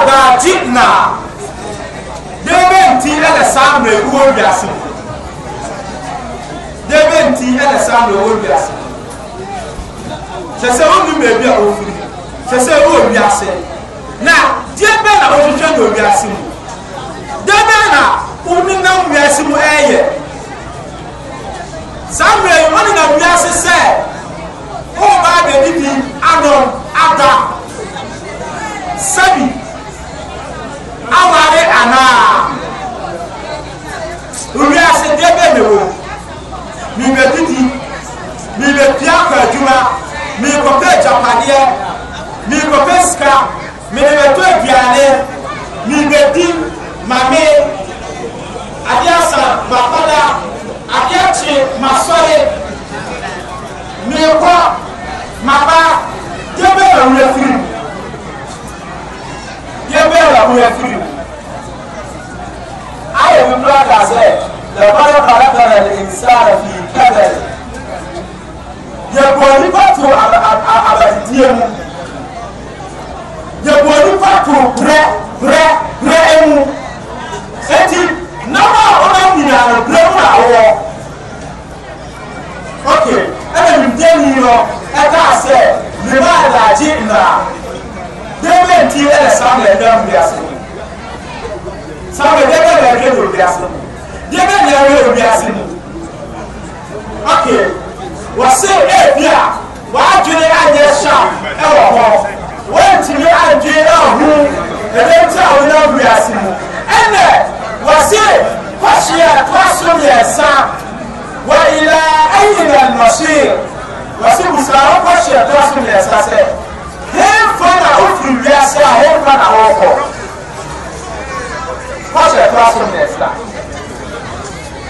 hadha jitna debe nti ɛna saa mmerɛ gu wɔ wiase debe nti ɛna saa mmerɛ wɔ wiase kyɛ sɛ wonni mmerɛ bi a wɔfiri kyɛ sɛ wɔ wiase na deɛ bɛ na wɔhwehwɛ no wiase deɛ bɛ mɛ wo mibɛdidi mibɛpia akɔ adwuma mibɛkɔpɛ agyapadeɛ mibɛkɔpɛ sika mibɛtɔ aduane mibɛdi mame adeɛ asa mapada adeɛ kye masɔre ma maba Brother said, لقد خلقنا الإنسان في كبد yɛbɔ nipa to abadidie mu yɛbɔ nipa to brɛ brɛ brɛ mu eti nam a ɔnam nyinaa no brɛ mu na awɔ ok ɛna nimdeni no ɛkaa sɛ ne ba adagye nnaa dɛmɛ nti ɛna saa na ɛdam bi ase wiase mu deɛ bɛ nyɛ wɔyɛ wiase mu ok wɔse ebi a wɔadwene anyɛ sharp ɛwɔ hɔ wɔntumi adwene ahu ɛdɛ nti a wɔyɛ wiase mu ɛnɛ wɔse kɔhyeɛ kɔso mmiɛnsa wɔyila ayina nnɔhyeɛ wɔse busirawo kɔhyeɛ kɔso mmiɛnsa sɛ hɛn fa na wofiri wiase a hɛn fa na wɔkɔ. What's your classroom next time?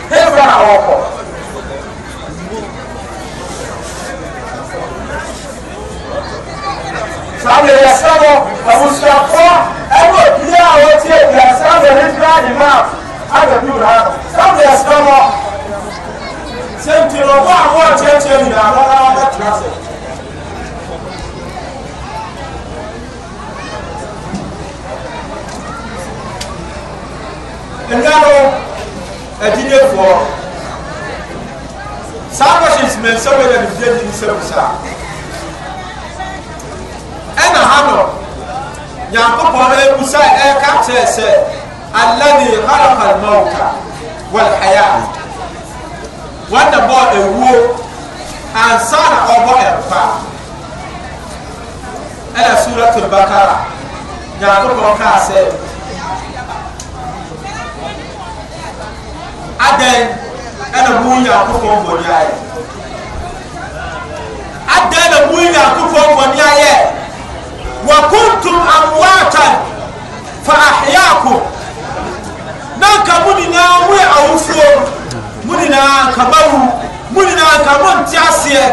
Here's what I work for. Sáwọn èèyàn sábọ̀ àwùjọ kọ́ ẹgbẹ́ òkìlẹ̀ àwọn tí èèyàn sábọ̀ ní gíláàdì náà àgbẹ̀bí rà nù. Sáwọn èèyàn sábọ̀ ṣé ń tìrọ̀ fún àwọn ọ̀jẹ̀ tí èèyàn àwọn ará wọn bẹ̀ tìrọ̀ sẹ̀. nnwa no agyidefoɔ saa questions mmiɛnsa wɔ yɛn de di nsɛm saa ɛna ha no nyankopɔn ebusa ɛka kyerɛ sɛ alani halakal mawuta wɔl haya wɔn na bɔ ewuo ansa na ɔbɔ ɛmpa ɛna suratul bakara nyankopɔn kaa sɛ. adɛn ɛna mu nyankopɔn bɔne ayɛ adɛn na mu nyankopɔn bɔne ayɛ wa kuntum amwatan fa ahyaakum na nka mu nyinaa ka awofuo mu nyinaa nka mawu mu nyinaa nka aseɛ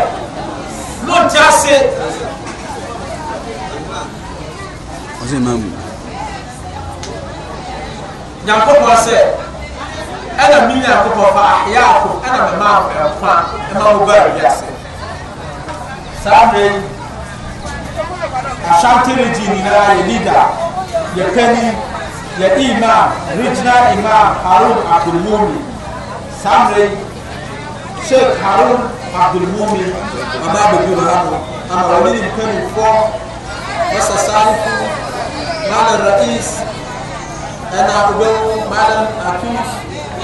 ɛna mi nyina akokɔ fa ahya ako ɛna mɛ ma ɛkwa ɛma wo ba awi ase saa bere yi ashantereji nyinaa yɛ lida yɛ pɛni yɛ ima regional ima harun abdulmumi saa bere yi sheikh harun abdulmumi ɔba abegu na hano ama wɔne ne mpanimfoɔ wɔsasaafo maala rais ɛna wobɛwo maala atus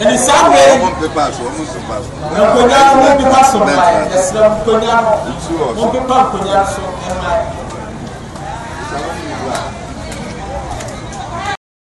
ɛni saa wei ɔmo pepa so ɔmo so pa so nkonya no mo nkonya no mo pepa nkonya so mmaa.